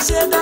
ansiedad.